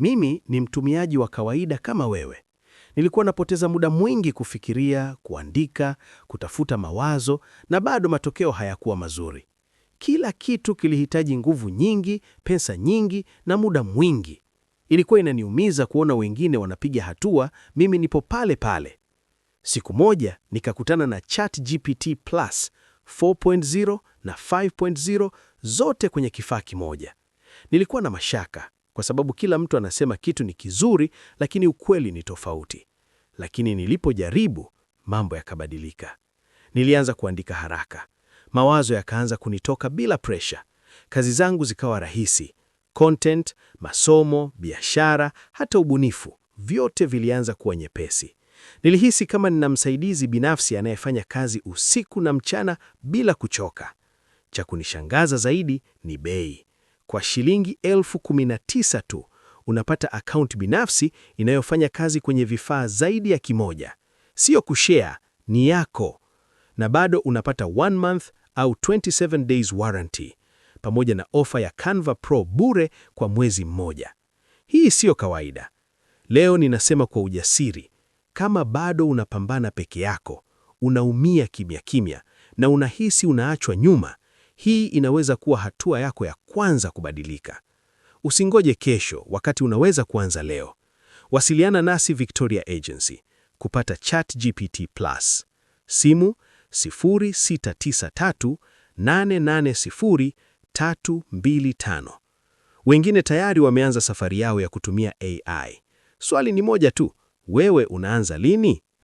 Mimi ni mtumiaji wa kawaida kama wewe. Nilikuwa napoteza muda mwingi kufikiria, kuandika, kutafuta mawazo na bado matokeo hayakuwa mazuri. Kila kitu kilihitaji nguvu nyingi, pesa nyingi na muda mwingi. Ilikuwa inaniumiza kuona wengine wanapiga hatua, mimi nipo pale pale. Siku moja nikakutana na ChatGPT Plus 4.0 na 5.0 zote kwenye kifaa kimoja. Nilikuwa na mashaka, kwa sababu kila mtu anasema kitu ni kizuri, lakini ukweli ni tofauti. Lakini nilipojaribu, mambo yakabadilika. Nilianza kuandika haraka, mawazo yakaanza kunitoka bila presha, kazi zangu zikawa rahisi. Content, masomo, biashara, hata ubunifu, vyote vilianza kuwa nyepesi. Nilihisi kama nina msaidizi binafsi anayefanya kazi usiku na mchana bila kuchoka. Cha kunishangaza zaidi ni bei. Kwa shilingi elfu kumi na tisa tu unapata akaunti binafsi inayofanya kazi kwenye vifaa zaidi ya kimoja. Sio kushare, ni yako, na bado unapata one month au 27 days warranty pamoja na ofa ya Canva Pro bure kwa mwezi mmoja. Hii siyo kawaida. Leo ninasema kwa ujasiri, kama bado unapambana peke yako, unaumia kimya kimya na unahisi unaachwa nyuma, hii inaweza kuwa hatua yako ya kwanza kubadilika. Usingoje kesho wakati unaweza kuanza leo. Wasiliana nasi Victoria Agency kupata chat gpt Plus. Simu 0693 Wengine tayari wameanza safari yao ya kutumia AI. Swali ni moja tu, wewe unaanza lini?